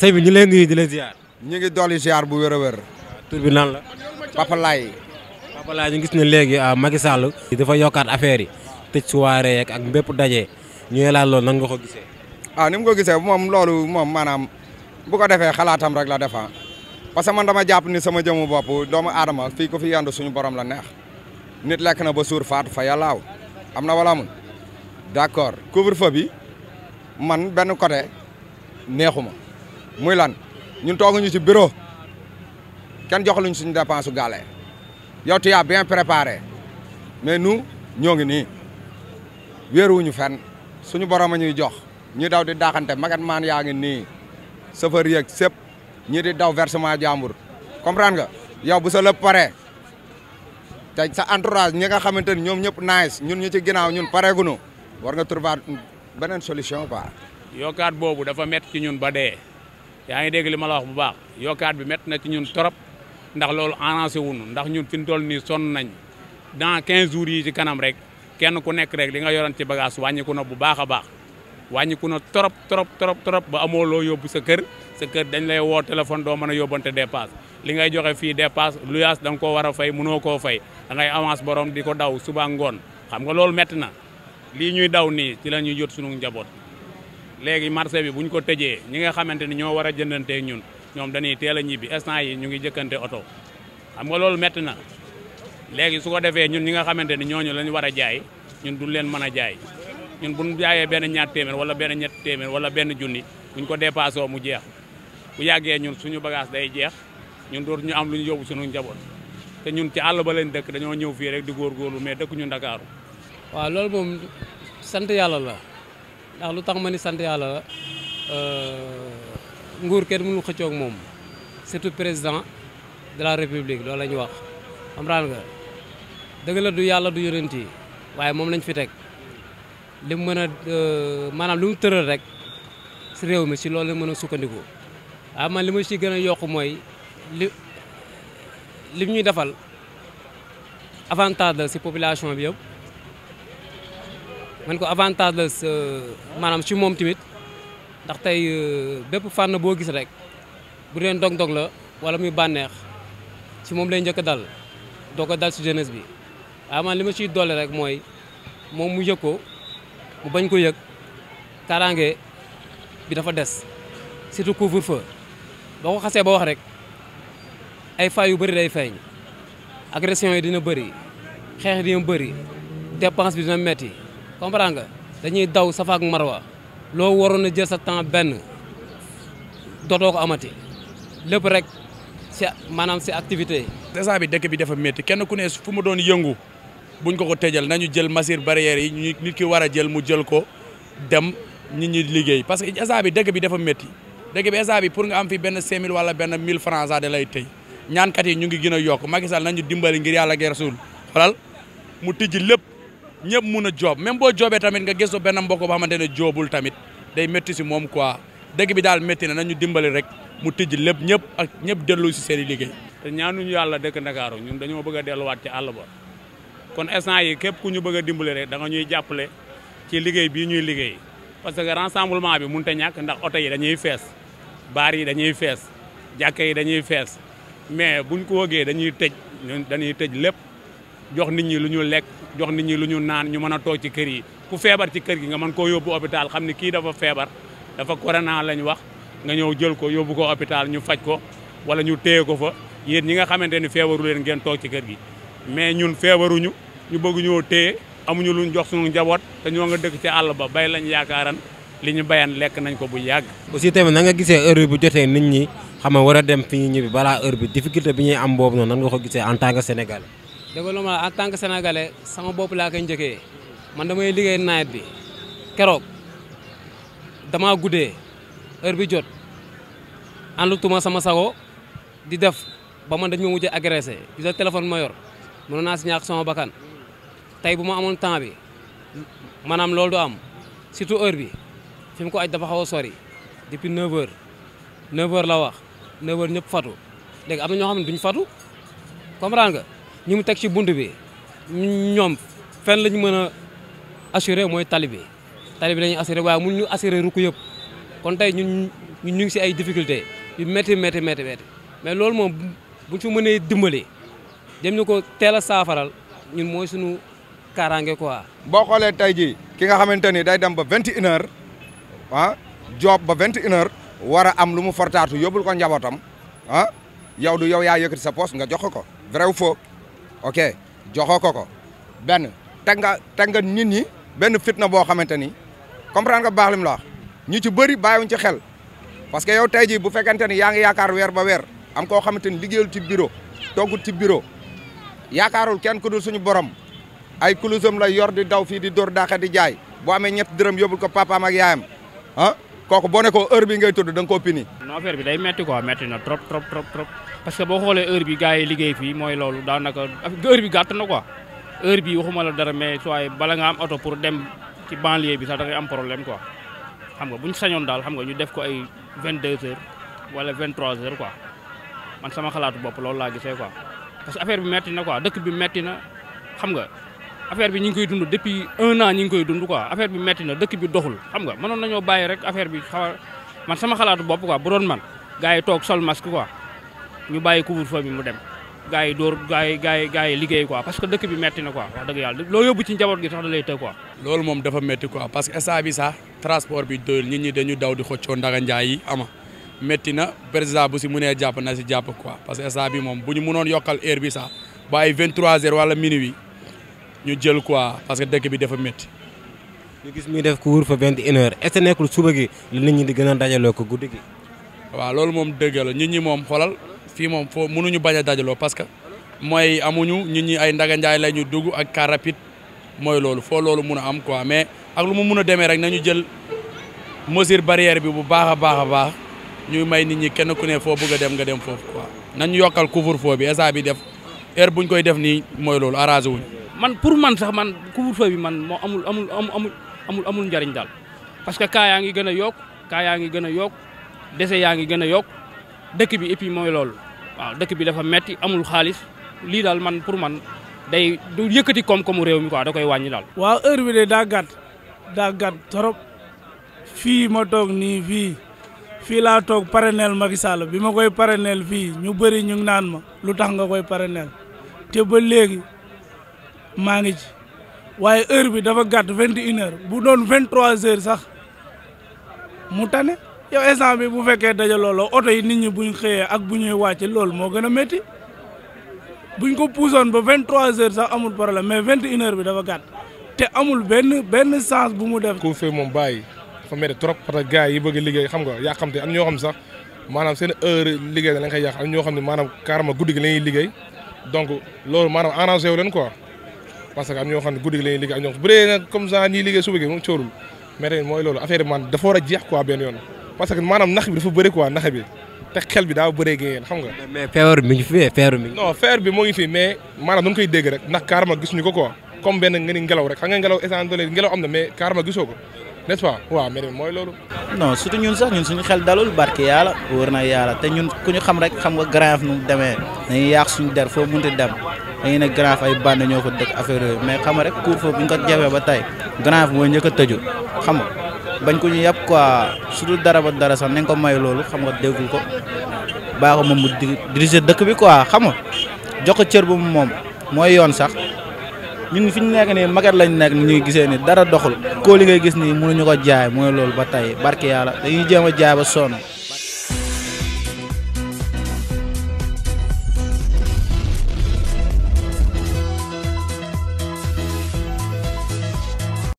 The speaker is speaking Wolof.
sëñ bi ñu leen nuyu di leen ziar. ñu ngi dolli ziar bu wér a wér. tur bi la. Papa Laye. Papa ñu gis ne léegi ah, Macky Sall. dafa yokkaat affaire yi tëj soirée yeeg ak mbépp daje ñu laal loolu nan nga ko gisee. a ah, ni mu ko gisee moom loolu moom maanaam bu ko defee xalaatam rek la defa parce que man dama jàpp ni sama jëmu bopp doomu adama fii ko fi yandu suñu borom la neex nit lekk na ba suur faatu fa yàllaaw am na wala amul d' accord couvre feu bi man benn côté neexuma muy lan ñun tooguñu ci biro kenn joxaluñ suñu dépense su gaale yow tu as bien préparé mais nu ñoo ngi nii wéeruwuñu fenn suñu borom a ñuy jox ñu daw di daaxante magat maan yaa ngi nii chauffeur yeeg sëpp ñii di daw versement jàmbur comprendre nga yow bu sa lépp pare te sa entourage ñi nga xamante ni ñoom ñëpp nice ñun ñu ci ginnaaw ñun pareegunu war nga trouver beneen solution quoi. yokkaat boobu dafa métti ci ñun ba dee. yaa ngi dégg li ma la wax bu baax yokkaat bi métti na ci ñun trop ndax loolu arrangé wuñu ndax ñun fi ñu toll nii sonn nañ dans 15 jours yi ci kanam rek kenn ku nekk rek li nga yoroon ci bagage wàññiku na bu baax a baax wàññiku na trop trop trop trop ba amoo loo yóbbu sa kër sa kër dañ lay woo téléphone doo mën a yóbbante dépasse li ngay joxe fii dépasse luyaas danga nga koo war a fay munoo koo fay da ngay avance borom di ko daw suba ngoon xam nga loolu métti na lii ñuy daw nii ci la ñuy jot sunu njaboot. léegi marché bi bu ñu ko tëjee ñi nga xamante ni ñoo war a jëndantee ñun ñoom dañuy teel a ñibbi instant yi ñu ngi jëkkante oto xam nga loolu métti na léegi su ko defee ñun ñi nga xamante ni ñooñu lañ war a jaay ñun duñ leen mën a jaay ñun buñ jaayee benn ñaar téeméer wala benn ñett téeméer wala benn junni buñ ko dépassé mu jeex bu yàggee ñun suñu bagage day jeex ñun dootuñu am lu ñu yóbbu suñu njaboot te ñun ci àll ba leen dëkk dañoo ñëw fii rek di góorgóorlu mais dëkk ñu Ndakaaru waaw loolu moom sant yàlla la ndax lu tax ma ni sant yàlla euh, nguur kenn mënul xëccook moom surtout président de la république loolu la ñu wax comprendre nga dëgg la du yàlla du yonent yi waaye moom lañu fi teg li mu mën a euh, maanaam li mu tëral rek si réew mi si loolu la mën a sukkandiku waaye ah, man li ma si gën a yokk mooy li li ñuy defal avantage la si population bi yëpp man ko avantage la maanaam ci moom tamit ndax tey euh, bépp fànn boo gis rek bu dee ndog-ndog la wala muy bànneex si moom lay njëkk a dal doo ko dal ci jeunesse bi waaw ah, man li ma ciy doole rek mooy moom mu yëg ko mu bañ ko yëg kaaraange bi dafa des surtout couvre-feu boo ko xasee ba wax rek ay fay yu bëri day feeñ agression yi dina bëri xeex dina bëri dépense bi dina metti comprendre dañuy daw safa ak marwa loo waroon a jël sa temps benn dootoo ko amati lépp rek si maanaam si activité yi. instant bi dëkk bi dafa métti kenn ku ne fu mu doon yëngu buñ ko ko tëjal nañu jël mesures barrières yi ñu nit ki war a jël mu jël ko dem nit ñi liggéey parce que instant bi dëkk bi dafa métti dëkk bi instant bi pour nga am fi benn 5000 wala benn 1000 francs a lay tey ñaankat yi ñu ngi gën a yokk Macky Sall nañu dimbali ngir yàlla ak Rasul xolal mu tijji lépp. ñëpp mun a joob même boo joobee tamit nga gëstu benn mbokk boo xamante ne joobul tamit day métti si moom quoi dëgg bi daal métti na nañu dimbali rek mu tijji lépp ñëpp ak ñëpp dellu si seen i liggéey. te ñaanuñu yàlla dëkk Ndakaaru ñun dañoo bëgg delluwaat ci àll ba kon instant yi képp ku ñu bëgg a dimbali rek da ñuy jàppale ci liggéey bii ñuy liggéey parce que rassemblement bi mënut a ñàkk ndax oto yi dañuy fees baar yi dañuy fees jàkka yi dañuy fees mais buñ ko wëggee dañuy tëj dañuy tëj lépp jox nit ñi lu ñu lekk jox nit ñi lu ñu naan ñu mën a toog ci kër yi ku feebar ci kër gi nga mën koo yóbbu hôpital xam ni kii dafa feebar dafa corona lañ wax nga ñëw jël ko yóbbu ko hôpital ñu faj ko wala ñu téye ko fa yéen ñi nga xamante ni feebaru leen ngeen toog ci kër gi mais ñun feebaruñu ñu bëgg ñoo téye amuñu ñu jox suñu njaboot te ñoo nga dëkk ci àll ba bay lañ yaakaaran li ñu bayan lekk nañ ko bu yàgg. aussi tamit na nga gisee heure bu jotee nit ñi xa nga war a dem fi ñuy ñibbi bi difficulté am boobu noonu nan nga gisee en tant que sénégalais. développement en tant que sénégalais sama bopp laa koy njëkkee man damay liggéey nawet bi keroog damaa guddee heure bi jot àndutuma sama sago di def ba man dañ ma mujj agressé di sa téléphone ma yor mën naa si ñàkk sama bakkan tey bu ma amoon temps bi maanaam loolu du am surtout heure bi fi ko aj dafa xaw a sori depuis 9h 9h la wax 9h ñëpp fatu léegi am na ñoo xam ne duñ fatu comprendre nga. ñu mu teg ci bunt bi ñoom fenn la ñu mën a assurer mooy tali bi tali bi la ñuy assurer waaye mun ñu assurer ruku yëpp kon tey ñun ñu ngi si ay difficulté yu métti métti métti métti mais loolu moom buñ fi mënee dimbali dem ñu ko teel a saafaral ñun mooy suñu kaaraange quoi. boo xoolee tey jii ki nga xamante ni day dem ba vingt et une heures ah job ba vingt et une heures war a am lu mu fortaatu yóbbul ko njabootam ah yow du yow yaa yëkkati sa poos nga jox ko vrai ou faux ok joxoo ko ko benn teg nga teg nit ñi benn fitna boo xamante ni comprendre nga baax ñu ci bëri bàyyiwuñ ci xel parce que yow tey jii bu fekkente ni yaa ngi yaakaar weer ba weer am koo xamante ni liggéeyul ci bureau toggut ci bureau yaakaarul kenn ku dul suñu borom ay kulusam lay yor di daw fii di dor daaxe di jaay boo amee ñett dërëm yóbbul ko papaam ak yaayam ah? kooku boo ne ko heure bi ngay tudd da nga koo pini. non bi day metti quoi metti na trop trop trop trop parce que boo xoolee heure bi gars yi liggéey fii mooy loolu daanaka heure bi gàtt na ko heure bi waxuma la dara mais soit bala nga am oto pour dem ci banlieue bi sax da ngay am problème ko xam nga bu ñu sañoon daal xam nga ñu def ko ay 22 heures wala 23 heures quoi man sama xalaatu bopp loolu laa gisee ko parce que affaire bi metti na ko dëkk bi metti xam nga. affaire bi ñu ngi koy dund depuis un an ñu ngi koy dund quoi affaire bi metti na dëkk bi doxul xam nga mënoon nañoo bàyyi rek affaire bi a man sama xalaatu bopp quoi bu man gars yi toog sol masque quoi ñu bàyyi couvre-feu mu dem gaa yi dóor gars yi gars yi gars yi liggéey quoi parce que dëkk bi metti na quoi wax dëgg yàlla loo yóbbu ci njaboot gi sax da lay të quoi. loolu moom dafa metti quoi parce que instant bi sax transport bi doyul nit ñi dañu daw di xëccoo ndaga njaay yi ama métti na président bu si mënee jàpp na si jàpp quoi parce que instant bi moom bu ñu mënoon yokkal heure bi sax ba ay 23h wala ñu jël quoi parce que dëkk bi dafa métti. ñu gis muy def couvre-feu vingt et une heures est ce nekkul suba gi la nit ñi di gën a dajaloo ko guddi gi. waaw loolu moom dëgg la nit ñi moom xoolal fii moom foo mënuñu bañ a dajaloo parce que mooy amuñu nit ñi ay ndaga njaay la ñu dugg ak car rapide mooy loolu foo loolu mun a am quoi mais ak lu mu mun a demee rek nañu jël mesure barrière bi bu baax a baax a baax ñu may nit ñi kenn ku ne foo bëgg a dem nga dem foofu quoi. nañu yokkal couvre-feu bi instant bi def heure buñ koy def nii mooy loolu arrangé wuñ man pour man sax man couvre-feu bi man moo amul amul amul amul amul njariñ daal parce que cas yaa ngi gën a yokk kaa yaa ngi gën a yokk décès yaa ngi gën a yokk dëkk bi et puis mooy loolu waaw dëkk bi dafa metti amul xaalis lii daal man pour man day du yëkkati koom-koomu réew mi quoi da koy wàññi daal. waaw heure bi de daa gàtt daa gàtt trop fii ma toog nii fii fii laa toog parrainel Macky Sall bi ma koy parrainel fii ñu bëri ñu ngi naan ma lu tax nga koy parrainel te ba léegi. maa ngi ci waaye heure bi dafa gàtt vingt et une heures bu doon vingt trois heures sax mu tane yow instant bu fekkee dajaloo la oto yi nit ñi buñ xëyee ak bu ñuy wàcc loolu moo gën a métti buñ ko puusoon ba vingt trois heures sax amul problème mais vingt et une heures bi dafa gàtt te amul benn benn sens bu mu def. ku fee moom bàyyi dafa métti trop parce que gars yi bëgg liggéey xam nga yaa xam te am ñoo xam sax maanaam seen heure liggéey da lañ koy yàq am ñoo xam ne maanaam carrément guddi gi liggéey donc loolu maanaam arrangé wu leen parce que am ñoo xam ne guddi gi la ñuy liggéey ak ñoom bu dee a jeex quoi benn xam nga. gisoo ko n'est-ce ñun sax ñun suñu xel dalul barke yàlla wóor na yàlla te ñun ku ñu xam rek xam nga grave nu demee dañuy yàq suñu der foo munti dem dañuy na Grand ay bande ñoo fa dëkk affaire yooyu mais xam rek couvre-feu bi nga ko jafee ba tey Grand Yoff mooy njëkk a tëju xam bañ ko ñu yàpp quoi surtout dara ba dara sax nañ ko may loolu xam nga déglu ko baaxo moom mu diriger dëkk bi quoi xam nga jox ko cër bu moom mooy yoon sax ñun fi ñu nekk nii magat lañ nekk ni ñu gisee ni dara doxul kóoli ngay gis ni nii ñu ko jaay mooy loolu ba tey barke yàlla dañuy jéem a jaay ba sonn